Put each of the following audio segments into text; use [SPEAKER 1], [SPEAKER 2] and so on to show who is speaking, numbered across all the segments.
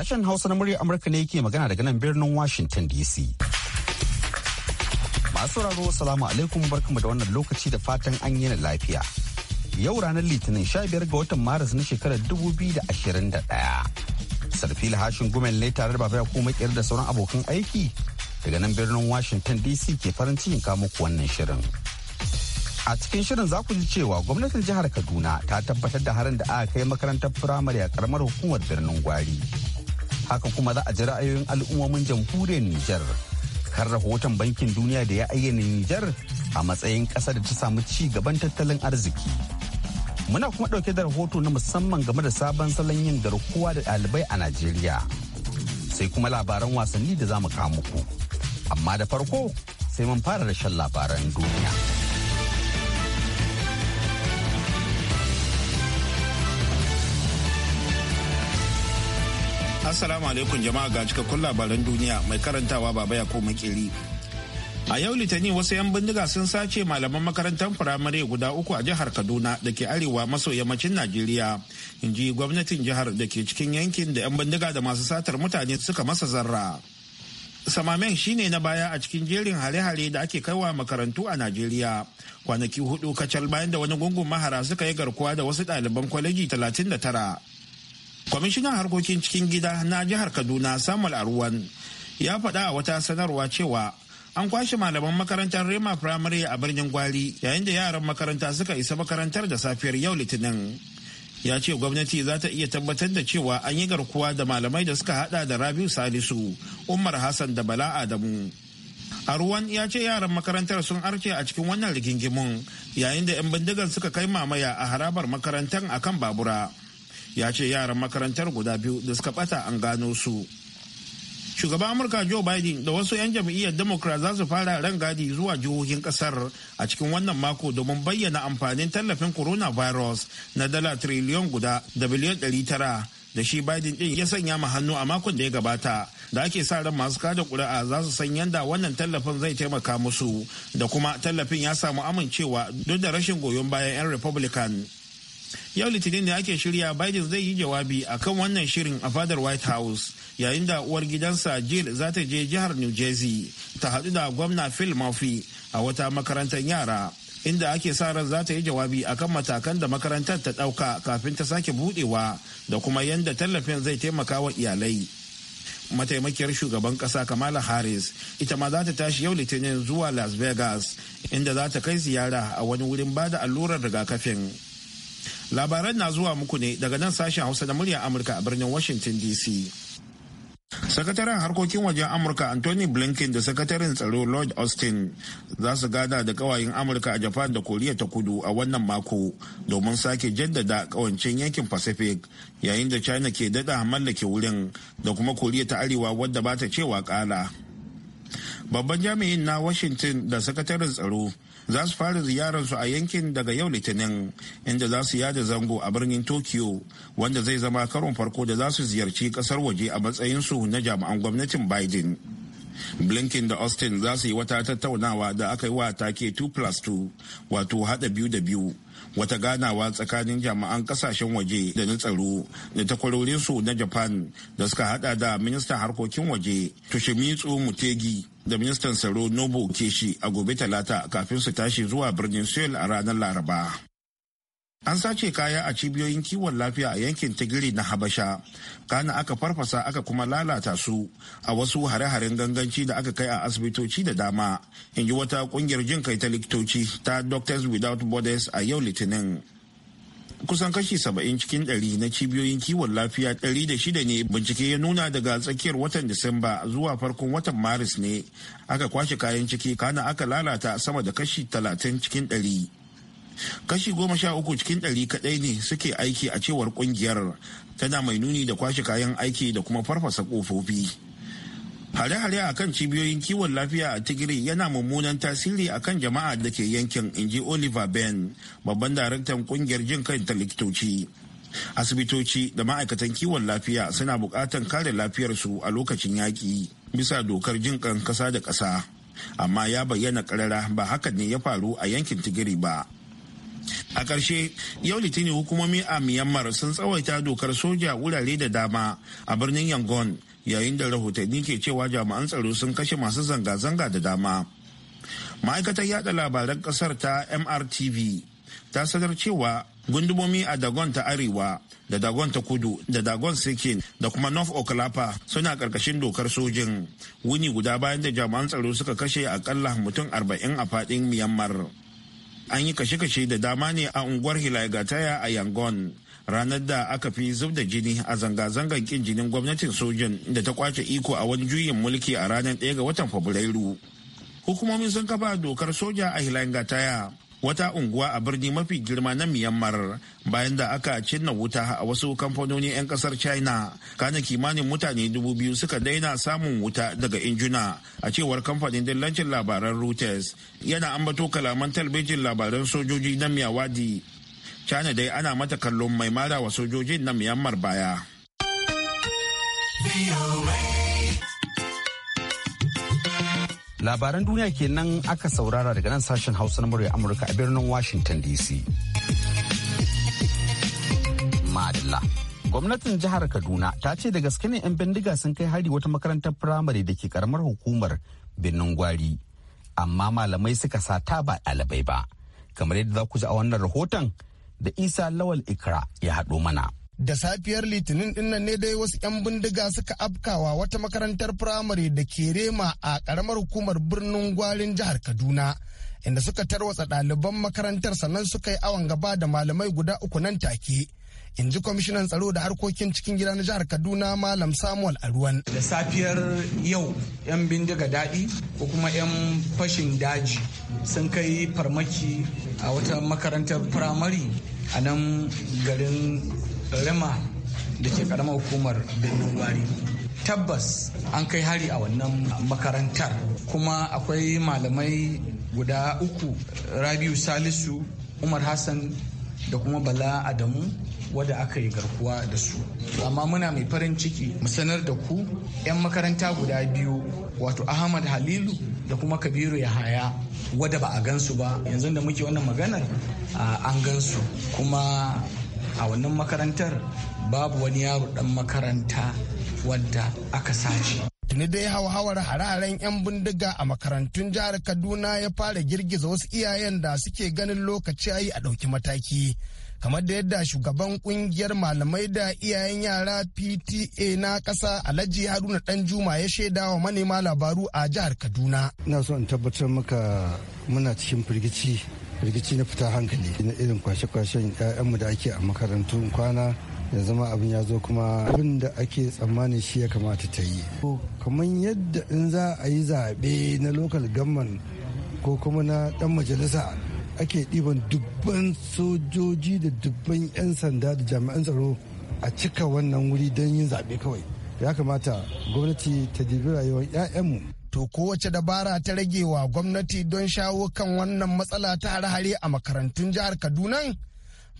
[SPEAKER 1] Sashen Hausa na muryar Amurka ne yake magana daga nan birnin Washington DC. Masu sauraro salamu alaikum barkamu da wannan lokaci da fatan an yi lafiya. Yau ranar Litinin 15 ga watan Maris na shekarar 2021. sarfi hashin gumen ne tare da babaya ko makiyar da sauran abokan aiki daga nan birnin Washington DC ke farin cikin muku wannan shirin. a cikin shirin za ku ji cewa gwamnatin jihar kaduna ta tabbatar da harin da aka kai makarantar firamare a karamar hukumar birnin gwari haka kuma za a ji ra'ayoyin al'ummomin jamhuriyar Nijar kan rahoton bankin duniya da ya ayyana Nijar a matsayin ƙasa da ta samu ci gaban tattalin arziki. Muna kuma ɗauke da rahoto na musamman game da sabon salon yin garkuwa da ɗalibai a Najeriya. Sai kuma labaran wasanni da za mu kawo muku. Amma da farko sai mun fara da labaran duniya.
[SPEAKER 2] Assalamu alaikum jama'a ga cikakkun labaran duniya mai karantawa baba ya ko kiri. A yau litani wasu 'yan bindiga sun sace malaman makarantar firamare guda uku a jihar Kaduna da ke arewa maso yammacin Najeriya. In ji gwamnatin jihar da ke cikin yankin da 'yan bindiga da masu satar mutane suka masa zarra. Samamen shine na baya a cikin jerin hare-hare da ake kaiwa makarantu a Najeriya. Kwanaki hudu kacal bayan da wani gungun mahara suka yi garkuwa da wasu ɗaliban kwaleji 39. kwamishinan harkokin cikin gida na jihar kaduna samuel arwan ya faɗa a wata sanarwa cewa an kwashe malaman makarantar rema primary a birnin gwari yayin da yaran makaranta suka isa makarantar da safiyar yau litinin ya ce gwamnati za ta iya tabbatar da cewa an yi garkuwa da malamai da suka hada da rabiu salisu umar hassan da bala adamu Arwan ya ce yaran makarantar sun arce a cikin wannan rigingimun yayin da 'yan bindigar suka kai mamaya a harabar makarantar akan babura. ya ce yaran makarantar guda biyu da suka bata an gano su shugaban amurka joe biden da wasu 'yan jam'iyyar democrat za su fara rangadi zuwa jihohin kasar a cikin wannan mako domin bayyana amfanin tallafin coronavirus na dala triliyon guda da biliyan 900 da shi biden din ya sanya ma hannu a makon da ya gabata da ake sa ran masu kada kuri'a za su san yadda wannan tallafin zai taimaka musu da kuma tallafin ya samu amincewa duk da rashin goyon bayan 'yan republican yau litinin da ake shirya biden zai yi jawabi akan wannan shirin a fadar white house yayin da uwar gidansa jill za ta je jihar new jersey ta hadu da gwamna phil murphy a wata makarantar yara inda ake sa ran za ta yi jawabi akan matakan da makarantar ta dauka kafin ta sake budewa da kuma yadda tallafin zai taimaka wa iyalai mataimakiyar shugaban kasa kamala harris ita ma za ta tashi yau litinin zuwa las vegas inda za ta kai ziyara a wani wurin bada allurar rigakafin Labaran na zuwa muku ne daga nan sashen Hausa da murya Amurka a birnin Washington DC. Sakataren harkokin wajen Amurka Anthony Blinken da sakataren tsaro Lord Austin za su gada da kawayen Amurka a Japan da Koriya ta kudu a wannan mako domin sake jaddada kawancin yankin Pacific yayin da China ke dada mallake wurin da kuma Koriya ta Arewa wadda ba ta cewa kala. Babban jami'in na Washington da sakataren tsaro za su fara ziyararsu a yankin daga yau litinin inda za su yada zango a birnin tokyo wanda zai zama karon farko da za su ziyarci kasar waje a matsayinsu na jami'an gwamnatin biden blinken da austin za su yi wata tattaunawa da aka yi wa take 2 plus 2 wato hada biyu da biyu wata ganawa tsakanin jami'an kasashen waje da na tsaro da takwarorinsu na japan da suka hada da ministan harkokin waje toshimitsu mutegi da ministan tsaro nobu keshi a gobe talata kafin su tashi zuwa birnin seoul a ranar laraba An sace kaya a cibiyoyin kiwon lafiya a yankin Tigiri na Habasha. Kana aka farfasa aka kuma lalata su a wasu hare-haren ganganci da aka kai a asibitoci da dama. In ji wata kungiyar jin kai ta likitoci ta Doctors Without Borders a yau Litinin. Kusan kashi saba'in cikin ɗari na cibiyoyin kiwon lafiya ɗari da shida ne bincike ya nuna daga tsakiyar watan Disamba zuwa farkon watan Maris ne aka kwashe kayan ciki kana aka lalata sama da kashi talatin cikin ɗari. kashi goma sha uku cikin ɗari kaɗai ne suke aiki a cewar ƙungiyar tana mai nuni da kwashe kayan aiki da kuma farfasa ƙofofi hare-hare a kan cibiyoyin kiwon lafiya a tigiri yana mummunan tasiri a kan jama'a da ke yankin inji oliver ben babban daraktan ƙungiyar jin kai ta likitoci asibitoci da ma'aikatan kiwon lafiya suna buƙatar kare lafiyarsu a lokacin yaƙi bisa dokar jin kan ƙasa da ƙasa amma ya bayyana ƙarara ba hakan ne ya faru a yankin tigiri ba a ƙarshe yau litinin hukumomi a myanmar sun tsawaita dokar soja wurare da dama a birnin yangon yayin da rahotanni ke cewa jami'an tsaro sun kashe masu zanga-zanga da dama ma'aikatar yada labaran kasar ta mrtv ta sanar cewa gundumomi a dagon ta arewa da dagon ta kudu da dagon sikin da kuma north oklapa suna karkashin dokar sojin wuni guda bayan da jami'an tsaro suka kashe akalla mutum 40 a fadin myanmar an yi kashe-kashe da dama ne a unguwar taya a yangon ranar da aka fi zub da jini a zanga-zangar kin jinin gwamnatin sojin da ta kwace iko a wani juyin mulki a ranar 1 ga watan fabrairu Hukumomin sun kafa dokar soja a gataya wata unguwa a birni mafi girma na Myanmar bayan da aka cinna wuta a wasu kamfanoni 'yan kasar China. Kana kimanin mutane dubu biyu suka daina samun wuta daga injuna a cewar kamfanin dillancin labaran Reuters yana ambato kalaman talbijin labaran sojoji na Miyawadi. China dai ana mata kallon mai mara wa sojojin na Myanmar baya.
[SPEAKER 1] labaran duniya kenan aka saurara daga nan sashen hausa na murya amurka a birnin washington dc madalla gwamnatin jihar kaduna ta ce da gaske ne 'yan bindiga sun kai hari wata makarantar firamare da ke karamar hukumar birnin gwari amma malamai suka sa ta ba ɗalibai ba kamar yadda za ku ji a wannan rahoton da isa lawal ikra ya haɗo mana
[SPEAKER 3] da safiyar litinin dinnan ne dai wasu 'yan bindiga suka afkawa wata makarantar firamare da ke rema a karamar hukumar birnin gwarin jihar kaduna inda suka tarwatsa ɗaliban makarantar sannan suka yi awon gaba da malamai guda uku nan take in ji kwamishinan tsaro da harkokin cikin gida na jihar kaduna malam samuel aruwan da safiyar yau 'yan bindiga daɗi ko kuma 'yan fashin daji sun kai farmaki a wata makarantar firamare a nan garin rama da ke karamar hukumar birnin wari, tabbas an kai hari a wannan makarantar kuma akwai malamai guda uku rabiu salisu umar hassan da kuma bala adamu wadda aka yi garkuwa da su amma muna mai farin ciki mu sanar da ku 'yan makaranta guda biyu wato ahmad halilu da kuma kabiru yahaya wadda ba a gansu ba yanzu da muke wannan maganar an gansu kuma a wannan makarantar babu wani yaro dan makaranta wanda aka sace tuni dai hauhawar hararen 'yan bindiga a makarantun jihar kaduna ya fara girgiza wasu iyayen da suke ganin lokaci ayi a ɗauki mataki kamar da yadda shugaban kungiyar malamai da iyayen yara pta na ƙasa alhaji haruna juma ya shaida
[SPEAKER 4] wa manema labaru a jihar kaduna ina so in tabbatar maka muna cikin firgici rikici na fita hankali na irin kwashe-kwashen 'ya'yanmu da ake a makarantu kwana ya zama abin ya zo kuma abin da ake tsammanin shi ya kamata ta yi kamar yadda in za a yi zaɓe na lokal gamman ko kuma na ɗan majalisa ake ɗiban dubban sojoji da dubban 'yan sanda da jami'an tsaro a cika wannan wuri don yin zaɓe kawai ya kamata gwamnati ta dibi
[SPEAKER 3] rayuwar 'ya'yanmu To kowace dabara ta rage wa gwamnati don shawo kan wannan matsala ta hare-hare a makarantun jihar Kaduna?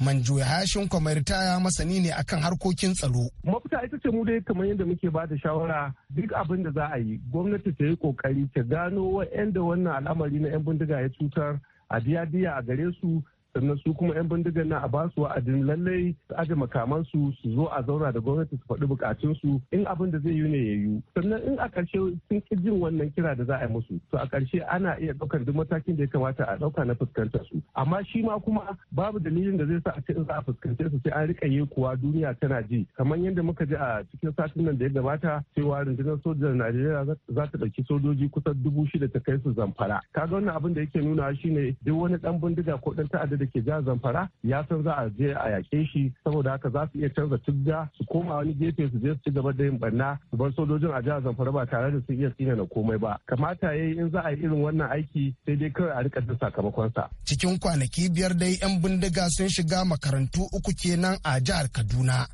[SPEAKER 3] Manjo Yahashin Kwamaritaya masani ne akan harkokin tsaro. Mafita ita ce mu dai kamar yadda muke ba shawara duk abin da za a
[SPEAKER 5] yi gwamnati ta yi kokari ta gano da wannan al'amari na 'yan bindiga ya cutar a diya-diya a gare su sannan su kuma 'yan bindigar na a ba su wa'adin lallai su aje makaman su zo a zauna da gwamnati su faɗi bukatun su in abin da zai yi ne ya yi sannan in a ƙarshe sun ƙi jin wannan kira da za a yi musu to a ƙarshe ana iya ɗaukar duk matakin da ya kamata a ɗauka na fuskantar su amma shi ma kuma babu dalilin da zai sa a ce in za a fuskance su sai an riƙa yi kuwa duniya tana ji kamar yadda muka ji a cikin satin nan da ya gabata cewa rundunar sojan Najeriya za ta ɗauki sojoji kusan dubu shida ta kai su zamfara kaga wannan abin da yake nuna shine duk wani ɗan bindiga ko ɗan ta'adda da ke jihar zamfara ya san za a je a yaƙe shi saboda haka za su iya canza tugga su koma wani gefe su je su ci gaba da yin barna su bar sojojin a jihar zamfara ba tare da sun iya tsina na komai ba kamata ya yi in za a yi irin wannan aiki sai dai kawai a rika jin sakamakonsa.
[SPEAKER 3] cikin kwanaki biyar dai yan bindiga sun shiga makarantu uku kenan a jihar kaduna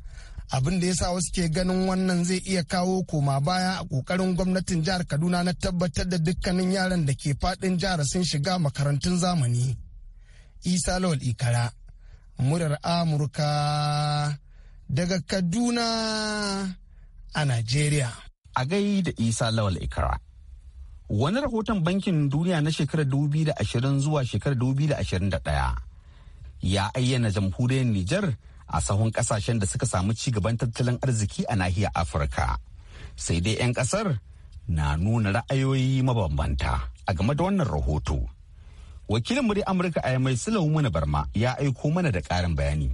[SPEAKER 3] abin da ya sa wasu ke ganin wannan zai iya kawo koma baya a kokarin gwamnatin jihar kaduna na tabbatar da dukkanin yaran da ke fadin jihar sun shiga makarantun zamani isa lawal ikara murar amurka daga kaduna a najeriya a gai da isa lawal ikara
[SPEAKER 1] wani rahoton bankin duniya na shekarar 2020 zuwa shekarar 2021 ya ayyana jamhuriyar Nijar a sahun kasashen da suka samu ci gaban tattalin arziki a nahiyar Afirka. Sai dai 'yan kasar na nuna ra'ayoyi mabambanta a game da wannan rahoto. wakilin muri amurka a yammai sulaimu mana barma ya aiko mana da karin bayani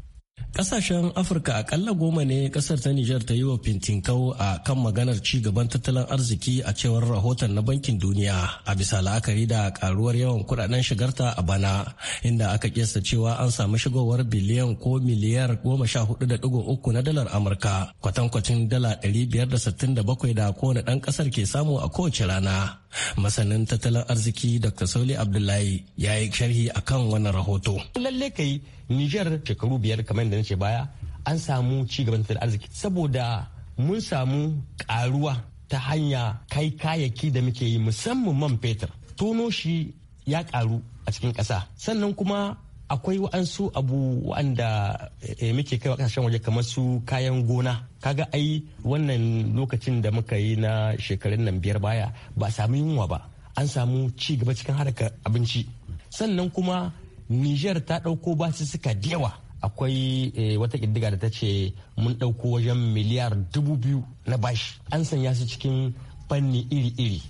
[SPEAKER 1] Ƙasashen Afirka akalla
[SPEAKER 6] goma ne ƙasar ta Nijar ta yi wa fintinkau a kan maganar ci gaban tattalin arziki a cewar rahoton na Bankin Duniya a bisa la'akari da karuwar yawan kudaden shigarta a bana inda aka kesa cewa an samu shigowar biliyan ko miliyar goma sha hudu da uku na dalar Amurka kwatankwacin dala ɗari biyar da sittin da bakwai da kowane ɗan ƙasar ke samu a kowace rana. Masanin tattalin arziki Dr. Sauli Abdullahi ya yi sharhi akan wannan rahoto. Lalle kai Nijar shekaru biyar kamar da nace baya an samu ci gaban tattalin arziki saboda mun samu karuwa ta hanya kai kayayyaki da muke yi musamman man fetur tono shi ya karu a cikin ƙasa sannan kuma akwai wa'ansu abu wa'anda eh, muke kai wa kasashen waje kamar su kayan gona kaga ai wannan lokacin da muka yi na shekarun nan biyar baya ba samu yunwa ba an samu ci gaba cikin harkar abinci sannan kuma Nijar ta ɗauko basussuka da yawa. Akwai eh, wata ƙiddiga da ta ce mun ɗauko wajen miliyar dubu biyu na bashi. An sanya su cikin fanni iri-iri.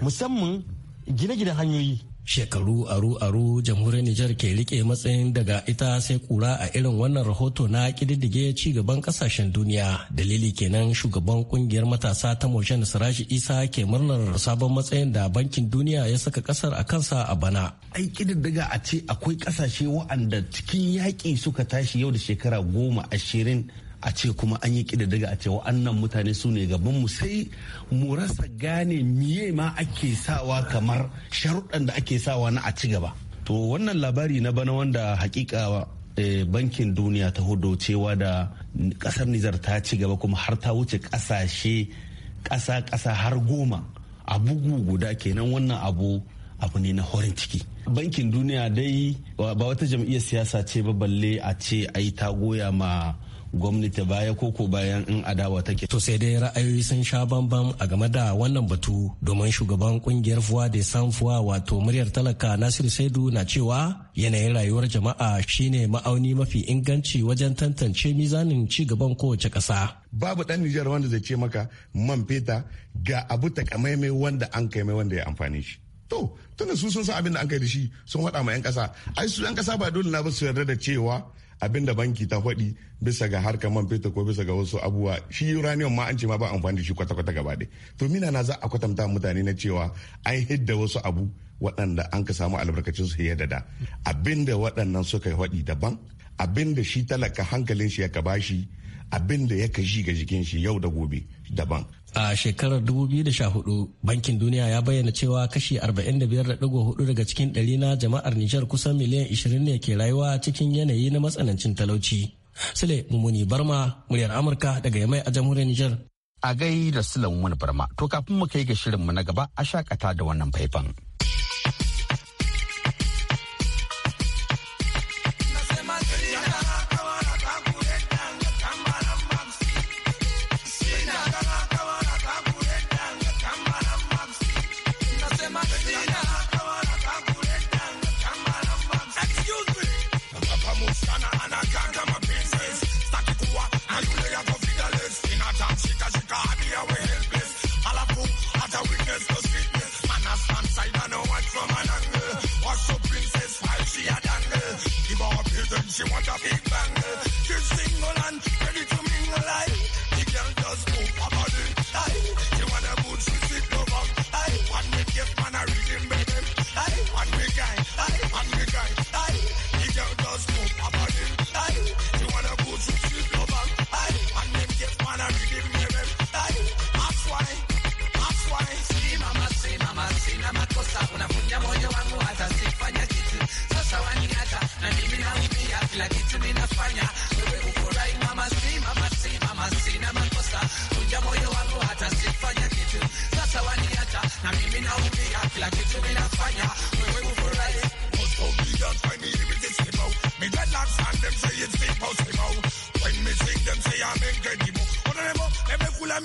[SPEAKER 6] Musamman gine gine hanyoyi shekaru aru-aru jamhuriyar Nijar ke rike matsayin daga ita sai kura a irin wannan rahoto na kididdige ci gaban kasashen duniya dalili kenan shugaban kungiyar matasa ta Motion sarashi Isa ke murnar sabon matsayin da bankin duniya ya saka kasar a kansa a bana. Ai kididdiga a ce akwai kasashe wa'anda cikin yaƙi suka tashi yau da shekara goma ashirin a ce kuma an yi kididdiga a ce wa'annan mutane su ne gaban mu sai mu rasa gane miye ma ake sawa kamar sharuɗan da ake sawa na a ci gaba to wannan labari na bana wanda hakika eh, bankin duniya ta hudu cewa da ƙasar nijar ta ci gaba kuma har ta wuce ƙasashe ƙasa ƙasa har goma a bugu guda kenan wannan abu abu ne na horin ciki bankin duniya dai ba wata jam'iyyar siyasa ce ba balle a ce ai ta goya ma gwamnati baya koko bayan in adawa take. To sai dai ra'ayoyi sun sha bambam a game da wannan batu domin shugaban kungiyar fuwa da fuwa wato muryar talaka Nasiru Saidu na cewa yanayin rayuwar jama'a shine ma'auni mafi inganci wajen tantance mizanin ci
[SPEAKER 3] gaban kowace ƙasa. Babu ɗan Nijar wanda zai ce maka man feta ga abu takamaimai wanda an kai mai wanda ya amfani shi. To, tunda su sun san abin da an kai da shi sun waɗa ma 'yan
[SPEAKER 1] ƙasa. Ai su 'yan ƙasa ba dole na ba su yarda da cewa abin da banki ta faɗi bisa ga harkar man fetur ko bisa ga wasu abubuwa shi uranium ma an ce ma ba amfani da shi kwata-kwata gaba ɗaya to mina na za a kwatanta mutane na cewa an hidda wasu abu waɗanda an ka samu albarkacin su ya dada abin da waɗannan suka faɗi daban abin da shi talaka hankalin shi ya ka bashi abin da ya kashi ga jikin shi yau da gobe daban
[SPEAKER 6] a shekarar 2014 bankin duniya ya bayyana cewa kashi 45.4 daga cikin ɗari na jama'ar nijar kusan miliyan 20 ne ke rayuwa cikin yanayi na matsanancin talauci sule Mumuni barma
[SPEAKER 1] muryar amurka daga yamai a jamhuriyar nijar a gai da sule Mumuni barma to kafin mu kai ga shirinmu na gaba a shakata da wannan faifan.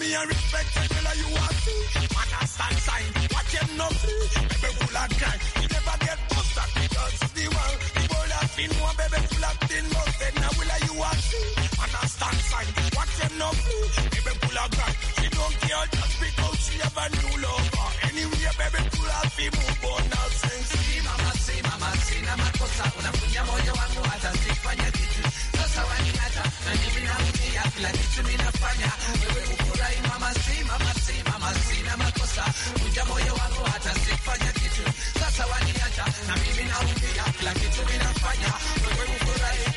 [SPEAKER 3] me and respect the girl you are see. Man a stand sign, watch him no free. Baby full of crime, he never get busted because the world, the world has been one. Baby full of thin mustard, now will you are see. Man a stand sign, watch him no free. Baby full of crime, she don't care just because she have a new lover. Anyway, baby full of move on now since. Sí, mama, sí, mama, sí, nada más cosa. Una puña moyo wangu hata sifanya kitu.
[SPEAKER 7] Sasa wanileta, na mimi na mtia, kila kitu minafanya. Wewe kucheza kunja moyo wangu hata sifanya kitu sasa waniacha na mimi naumia kila kitu ninafanya wewe ufurahi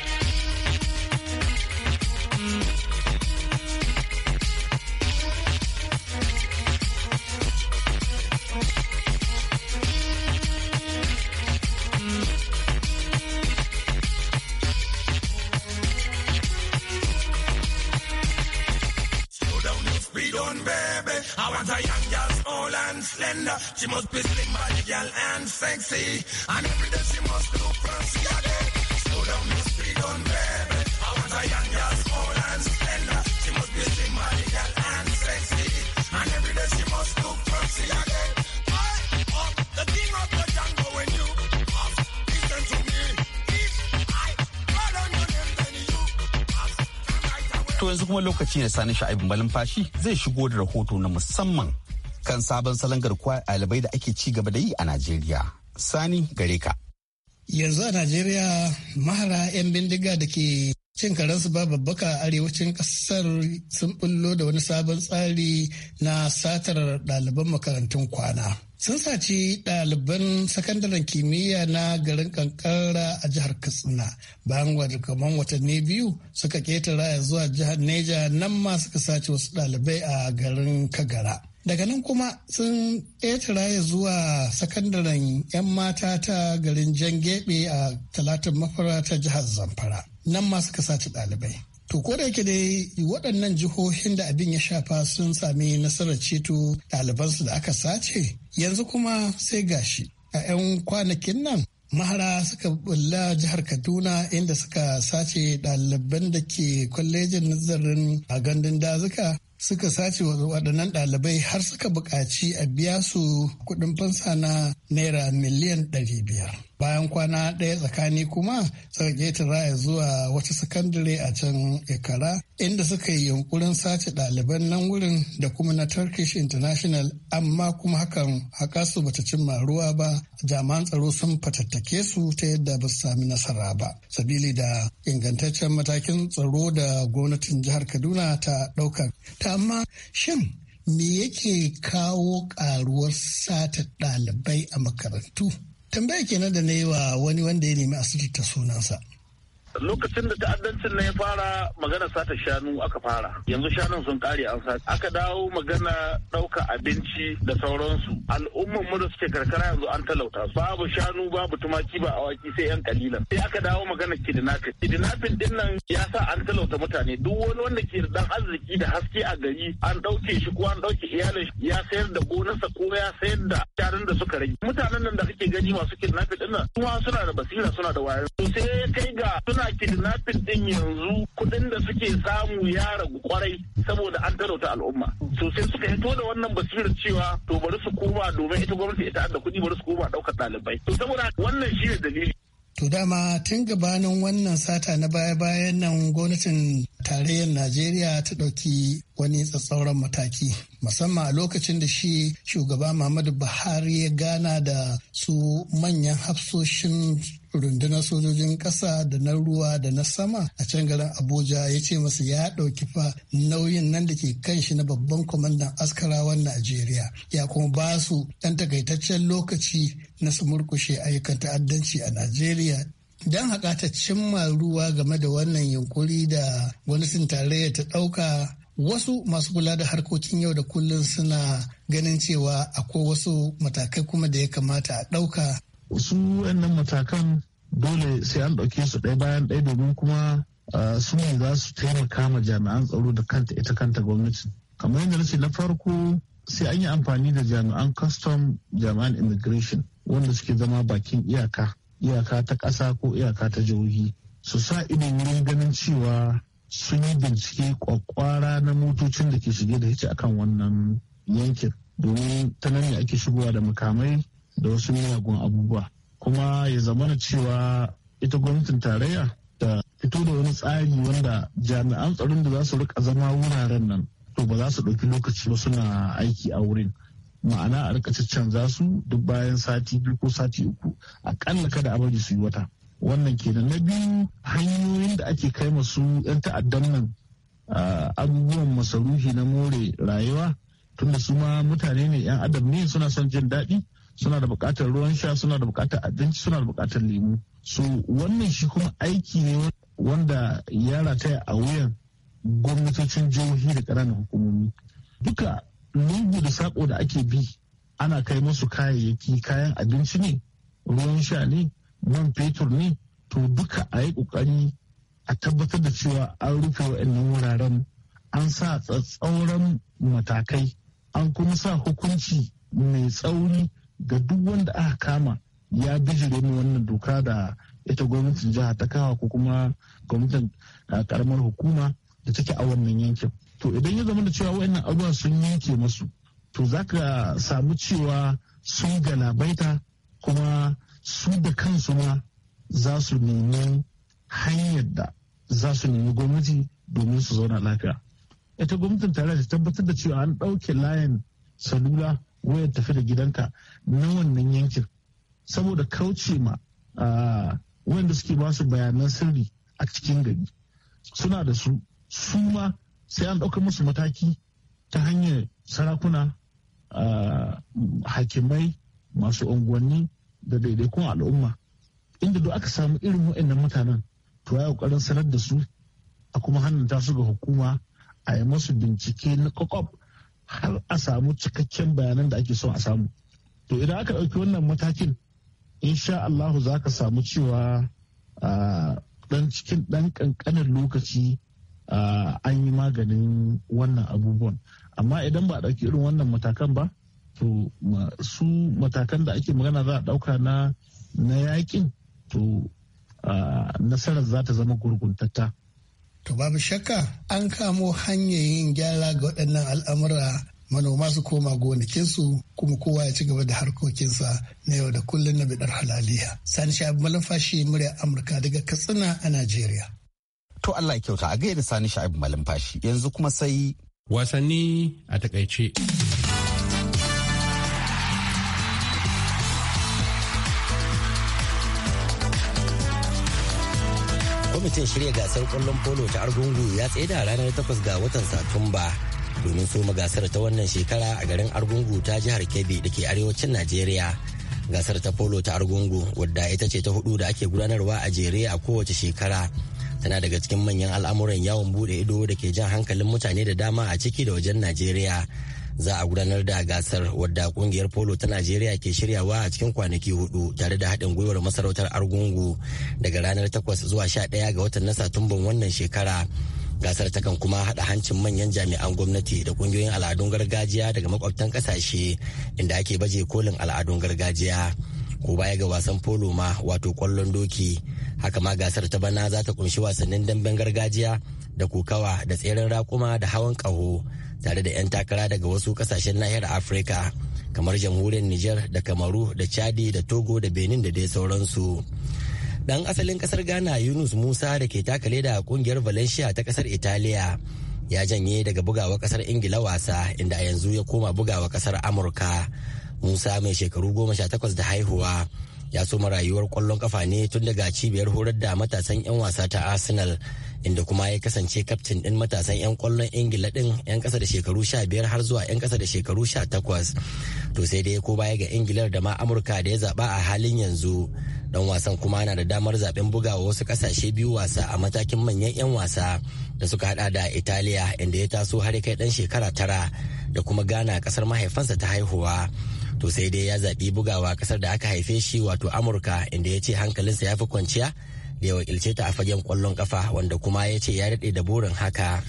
[SPEAKER 3] I want a young tall and slender. She must be slim, body and sexy. And every day she must look fancy again. Slow down the speed on baby. I want a young girl, small and
[SPEAKER 7] slender. She must be slim, body and sexy. And every day she must look fancy
[SPEAKER 3] again. I the you to me. If
[SPEAKER 1] I you yanzu kuma lokaci da sani sha'ibin malumfashi zai shigo da rahoto na musamman kan sabon salon garkuwa ɗalibai da ake ci gaba da yi a Najeriya. Sani Gareka.
[SPEAKER 4] Yanzu a Najeriya mahara 'yan bindiga da ke cin karansu ba babbaka arewacin ƙasar sun bullo da wani sabon tsari na satar ɗaliban makarantun kwana. Sun saci ɗaliban sakandaren kimiyya na garin kankara a jihar Katsina bayan kamar watanni biyu suka ketara zuwa jihar Neja nan ma suka sace wasu ɗalibai a garin Kagara. daga nan kuma sun ƙetara ya zuwa sakandaren 'yan mata ta garin jan gebe a talatin mafara ta jihar zamfara nan ma suka sace ɗalibai to ko da dai waɗannan jihohin da abin ya shafa sun sami nasarar ceto ɗalibansu da aka sace yanzu kuma sai gashi a 'yan kwanakin nan mahara suka bulla jihar kaduna inda suka sace ɗaliban da ke kwalejin nazarin a gandun dazuka suka sace waɗannan ɗalibai har suka buƙaci a biya su kuɗin fansa na naira miliyan ɗari biyar. bayan kwana ɗaya tsakani kuma sargeta raya zuwa wata sakandare a can ikara inda suka yi yunkurin sace ɗaliban nan wurin da kuma na turkish international amma kuma hakan haka su bata cimma ruwa ba Jama'an tsaro sun fatattake su ta yadda ba su sami nasara ba sabili da ingantaccen matakin tsaro da gwamnatin jihar kaduna ta ɗauka ta amma shin me yake kawo ƙaruwar sata ɗalibai a makarantu tambaya kenan da na yi wa wani wanda ya nemi asirta sunansa
[SPEAKER 5] lokacin da ta'addancin na ya fara magana sata shanu aka fara yanzu shanun sun kare an sa aka dawo magana ɗauka abinci da sauransu al'umman mu da suke karkara yanzu an talauta babu shanu babu tumaki ba awaki sai yan kalila. sai aka dawo magana kidnapping kidnapping din nan ya sa an talauta mutane duk wani wanda ke da dan arziki da haske a gari an ɗauke shi ko an ɗauke iyalin shi ya sayar da gonarsa ko ya sayar da shanun da suka rage mutanen nan da kake gani masu kidnapping din nan kuma suna da basira suna da wayar sosai kai ga suna kidnapping din yanzu kuɗin da suke samu ya ragu kwarai saboda an talauta al'umma so sai suka hito da wannan basirar cewa to bari su koma domin ita gwamnati ita da kuɗi bari su koma daukar ɗalibai to saboda wannan shi ne dalili
[SPEAKER 4] To dama tun gabanin wannan sata na baya-bayan nan gwamnatin tarayyar Najeriya ta ɗauki wani tsatsauran mataki musamman a lokacin da shi shugaba Muhammadu Buhari ya gana da su manyan hafsoshin rundunar sojojin ƙasa da na ruwa da na sama a can garin Abuja ya ce masa ya ɗauki fa nauyin nan da ke kan shi na babban kwamandan askarawan Najeriya ya kuma ba su ɗan takaitaccen lokaci na su murkushe ayyukan ta'addanci a Najeriya don haka ta cimma ruwa game da wannan yunkuri da gwamnatin tarayya ta ɗauka wasu masu kula da harkokin yau da kullum suna ganin cewa akwai wasu matakai kuma da ya kamata a ɗauka. Wasu wannan matakan
[SPEAKER 5] dole sai an ɗauke su ɗaya bayan ɗaya domin kuma su ne za su taimaka ma jami'an tsaro da kanta ita kanta gwamnati kamar yadda nace na farko sai an yi amfani da jami'an custom jami'an immigration wanda suke zama bakin iyaka iyaka ta ƙasa ko iyaka ta jihohi su sa ido wurin ganin cewa sun yi bincike kwakwara na motocin da ke shige da hici akan wannan yankin domin ta nan ne ake shigowa da makamai da wasu miyagun abubuwa kuma ya zamana cewa ita gwamnatin tarayya da fito da wani tsari wanda jami'an tsaron da za su rika zama wuraren nan to ba za su ɗauki lokaci ba suna aiki a wurin ma'ana a rika za su duk bayan sati biyu ko sati uku akalla kada a bari su yi wata wannan kenan na biyu hanyoyin da ake kai masu 'yan ta'addan nan abubuwan masarufi na more rayuwa tunda su ma mutane ne 'yan adam ne suna son jin daɗi suna da buƙatar ruwan sha suna da buƙatar abinci suna da buƙatar lemu so wannan shi kuma aiki ne wanda ya rataya a wuyan gwamnatocin jihohi da ƙananan hukumomi duka lungu da sako da ake bi ana kai musu kayayyaki kayan abinci ne ruwan sha ne man fetur ne to duka a yi kokari a tabbatar da cewa an rufe wa'annan wuraren an sa tsatsauran matakai an kuma sa hukunci mai tsauri ga duk wanda aka kama ya bijire mu wannan doka da ita gwamnatin jiha ta kawa ko kuma gwamnatin karamar hukuma da take a wannan yankin to idan ya zama da cewa wayannan abubuwa sun yanke masu to za ka samu cewa sun galabaita kuma su da kansu ma za su nemi hanyar da za su nemi gwamnati domin su zauna lafiya ita gwamnatin tare da tabbatar da cewa an ɗauke layin salula wayar tafi da gidanka na wannan yankin saboda kauce ma wanda suke ba su bayanan sirri a cikin gari suna da su su ma sai an ɗaukar musu mataki ta hanyar sarakuna hakimai masu unguwanni da daidaikun al'umma inda duk aka samu irin waɗannan mutanen to ya ƙoƙarin sanar da su a kuma hannunta su ga hukuma a yi masu bincike na ƙwaƙwaf har a samu cikakken bayanan da ake son a samu to idan aka ɗauki wannan matakin insha Allahu za ka samu cewa ɗan cikin ɗan ƙanƙanin lokaci Ah, an yi maganin wannan abubuwan amma idan ba a ɗauki irin wannan matakan ba to su matakan da ake magana za a ɗauka na na yakin to ah, nasarar za ta zama gurguntatta.
[SPEAKER 4] To babu shakka an kamo hanyar yin gyara ga waɗannan al'amura manoma su koma gonakinsu kuma kowa ya ci gaba da harkokinsa na yau da kullum na bidar halaliya. Sani Shabi Malafashi murya Amurka daga Katsina a Najeriya.
[SPEAKER 1] To Allah ya kyauta a da sani sha'ib fashi, yanzu kuma sai. Wasanni a takaice.
[SPEAKER 7] kwamitin shirya gasar kwallon polo ta argungu ya tsaye da ranar takwas ga watan satumba domin soma gasar ta wannan shekara a garin argungu ta jihar kebbi da ke arewacin najeriya gasar ta polo ta argungu wadda ita ce ta hudu da ake gudanarwa a jere a kowace shekara tana daga cikin manyan al'amuran yawon bude ido da ke jan hankalin mutane da dama a ciki da wajen najeriya za a gudanar da gasar wadda kungiyar polo ta najeriya ke shiryawa a cikin kwanaki hudu tare da haɗin gwiwar masarautar argungu daga ranar takwas zuwa sha 11 ga watan na satumban wannan shekara gasar takan kuma haɗa hancin manyan jami'an gwamnati da kungiyoyin al'adun gargajiya daga makwabtan ƙasashe inda ake baje kolin al'adun gargajiya ko baya ga wasan polo ma wato kwallon doki haka ma gasar ta bana za ta kunshi wasannin damben gargajiya da kokawa da tseren rakuma da hawan kaho tare da 'yan takara daga wasu kasashen nahiyar afirka kamar jamhuriyar niger da kamaru da chadi da togo da benin da dai sauransu dan asalin kasar ghana yunus musa da ke takale da kungiyar valencia ta kasar italiya ya janye daga bugawa kasar ingila wasa inda a yanzu ya koma bugawa kasar amurka musa mai shekaru goma sha takwas da haihuwa ya soma rayuwar kwallon kafa ne tun daga cibiyar horar da matasan 'yan wasa ta arsenal inda kuma ya kasance kaftin din matasan 'yan kwallon ingila din 'yan kasa da shekaru sha biyar har zuwa 'yan kasa da shekaru sha takwas to sai dai ko baya ga ingilar da ma amurka da ya zaba a halin yanzu dan wasan kuma na da damar zaben bugawa wasu kasashe biyu wasa a matakin manyan 'yan wasa da suka hada da italiya inda ya taso har kai dan shekara tara da kuma ghana kasar mahaifansa ta haihuwa to sai dai ya zaɓi bugawa kasar da aka haife shi wato amurka inda ya ce hankalinsa ya fi kwanciya da ya wakilce ta a fagen kwallon kafa wanda kuma ya ce ya daɗe da burin haka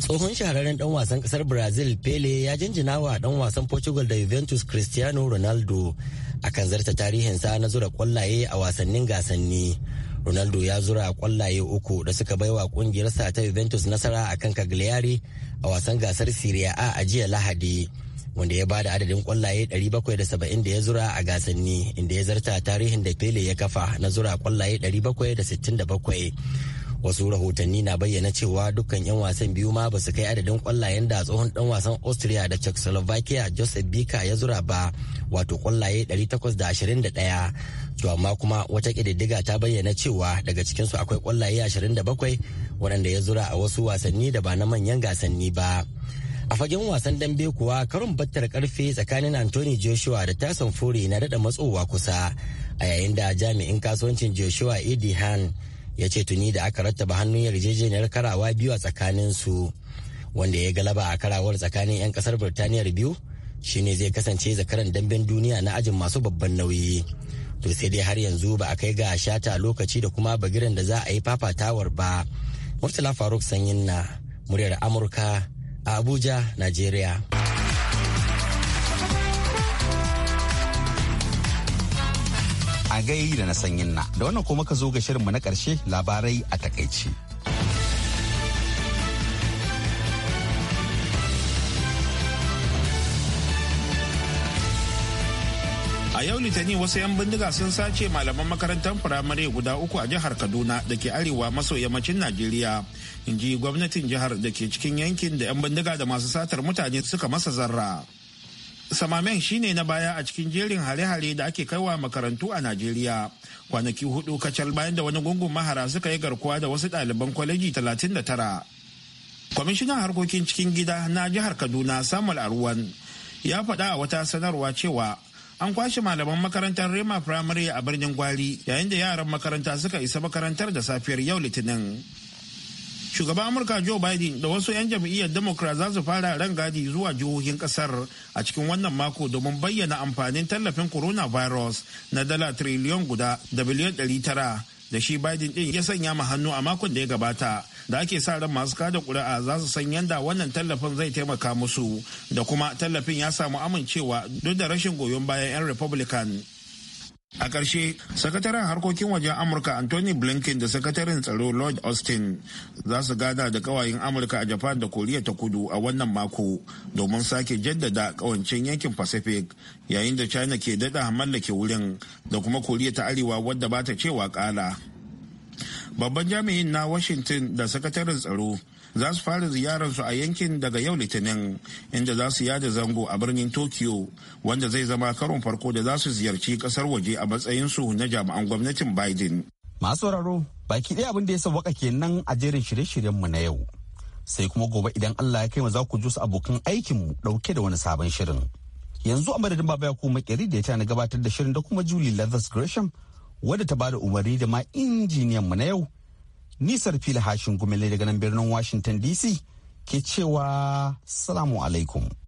[SPEAKER 7] tsohon shahararren dan wasan kasar brazil pele ya jinjina wa dan wasan portugal da juventus cristiano ronaldo akan zarta tarihinsa na zura kwallaye a wasannin gasanni ronaldo ya zura kwallaye uku da suka baiwa kungiyarsa ta juventus nasara akan cagliari a wasan gasar serie a a jiya lahadi wanda ya bada adadin kwallaye 770 da ya zura a gasanni inda ya zarta tarihin da pele ya kafa na zura kwallaye 767 wasu rahotanni na bayyana cewa dukkan 'yan wasan biyu ma basu kai adadin kwallayen da tsohon dan wasan austria da czechoslovakia joseph bika ya zura ba wato kwallaye 821 to amma kuma wata ƙididdiga ta bayyana cewa daga cikinsu akwai kwallaye 27 waɗanda ya zura a wasu wasanni da ba na manyan gasanni ba a fagen wasan dambe kuwa karon battar karfe tsakanin anthony joshua da tyson fury na dada matsowa kusa a yayin da jami'in kasuwancin joshua edi han ya ce tuni da aka rattaba hannun yarjejeniyar karawa biyu a tsakanin su wanda ya galaba a karawar tsakanin 'yan kasar birtaniyar biyu shine zai kasance zakaran damben duniya na ajin masu babban nauyi to sai dai har yanzu ba a kai ga shata lokaci da kuma bagiren da za a yi fafatawar ba murtala faruk sanyin na muryar amurka a Abuja, Nigeria.
[SPEAKER 1] A gai da na sanyin na, da wannan kuma ka zo ga shirinmu na ƙarshe labarai a takaici.
[SPEAKER 2] yau litani wasu 'yan bindiga sun sace malaman makarantar firamare guda uku a jihar kaduna da ke arewa maso yammacin najeriya in ji gwamnatin jihar da ke cikin yankin da 'yan bindiga da masu satar mutane suka masa zarra samamen shine na baya a cikin jerin hare-hare da ake kaiwa makarantu a najeriya kwanaki hudu kacal bayan da wani gungun mahara suka yi garkuwa da wasu ɗaliban kwaleji 39 kwamishinan harkokin cikin gida na jihar kaduna samuel arwan ya faɗa a wata sanarwa cewa an kwashe malaman makarantar rema primary a birnin gwari yayin da yaran makaranta suka isa makarantar da safiyar yau litinin shugaban amurka joe biden da wasu 'yan jam'iyyar democrat za su fara gadi zuwa jihohin kasar a cikin wannan mako domin bayyana amfanin tallafin coronavirus na dala triliyon guda da biliyan tara. da shi Biden din ya sanya ma hannu a makon da ya gabata da ake sa ran masu kada kuri'a za su san yadda wannan tallafin zai taimaka musu da kuma tallafin ya samu amincewa duk da rashin goyon bayan 'yan Republican. A ƙarshe, sakataren harkokin wajen Amurka Anthony Blinken da sakataren tsaro lord Austin za su gada da kawayen Amurka a Japan da Koriya ta kudu a wannan mako domin sake jaddada kawancin yankin Pacific yayin da China ke daɗa mallake wurin da kuma Koriya ta Arewa wadda ba ta cewa ƙala. Babban jami'in na Washington da sakataren tsaro za su fara ziyararsu a yankin daga yau litinin inda za su yada zango a birnin tokyo wanda zai zama karon farko da za su ziyarci kasar waje a matsayinsu na jami'an gwamnatin biden
[SPEAKER 1] masu sauraro baki ɗaya abin da ya sauwaka kenan a jerin shirye-shiryenmu na yau sai kuma gobe idan allah ya kai mu za ku ji su abokan aikinmu ɗauke da wani sabon shirin yanzu a madadin baba ku makeri da ya tana gabatar da shirin da kuma julie lathers gresham wadda ta bada umarni da ma injiniyan mu na yau nisar fili hashin gumele daga nan birnin washington dc ke cewa salamu alaikum